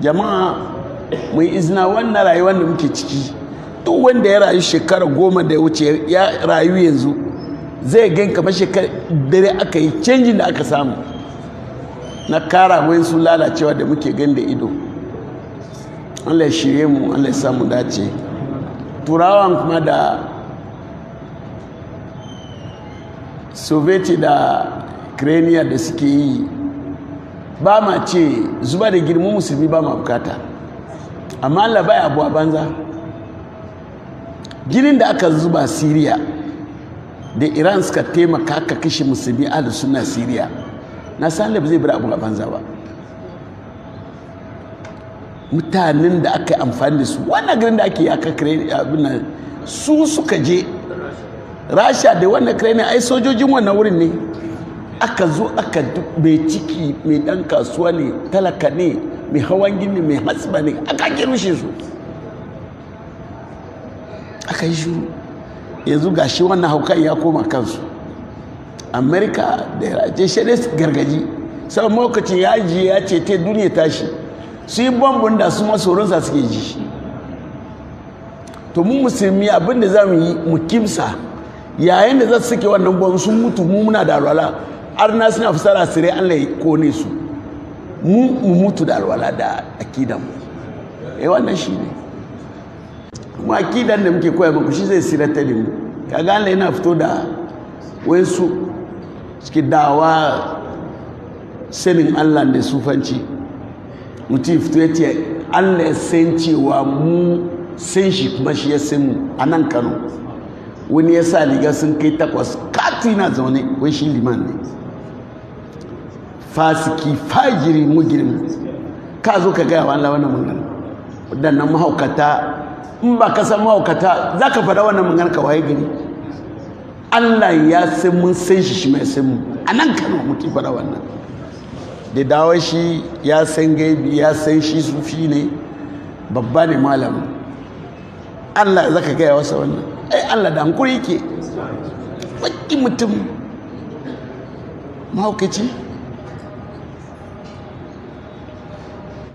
jama'a mai izina wannan rayuwar da muke ciki duk wanda ya rayu shekara goma da ya wuce ya rayu yanzu zai gan kamar shekara dare aka yi canjin da aka samu na kara wayan su lalacewa da muke gan da ido allah shirye mu allah ya samu dace turawan kuma da soviet da kraniya da suke yi ba ma ce zuba da girman musulmi ba ma bukata amma Allah bai abu a banza ginin da aka zuba siriya da iran suka taimaka ka kashe musulmi ahlu suna siriya na san da zai bar abu a banza ba mutanen da aka yi amfani da su wannan garin da ake yi aka abin nan su suka je rasha da wannan kire ne ai sojojin wannan wurin ne aka zo aka mai ciki mai dan kasuwa ne talaka ne mai hawan gini mai hasba ne aka rushe su aka yi shuru yanzu ga shi wannan haukan ya koma kansu amerika da yarace shaɗe gargaji sau lokacin ya ji ya ce ta duniya tashi su yi bambun da su masoronsa suke ji to mu musulmi abinda za mu yi mu kimsa yayin da za su suke wannan gwamnati sun mutu mu muna da alwala arna suna fusara sirai Allah ya kone su mu mutu da alwala da akidan mu eh wannan ne kuma akidan da muke koya muku shi zai sirai ta limu kaga Allah yana fito da wayansu suke dawa sanin Allah da sufanci mutum fito ya ce Allah ya san cewa mu san shi kuma shi ya san a nan Kano wani ya sa riga sun kai takwas kati na zaune wai shi liman ne fasiki fajiri mugirin ka zo ka gaya wa Allah wannan magana wadannan mahaukata in ba ka san mahaukata za ka faɗa wannan magana ka waye gari Allah ya san mun san shi shi mai san mu a nan kano muke faɗa wannan da dawon shi ya san gaibi ya san shi sufi ne babba ne malamin Allah za ka gaya wasa wannan ai Allah da hankuri yake baki mutum mahaukaci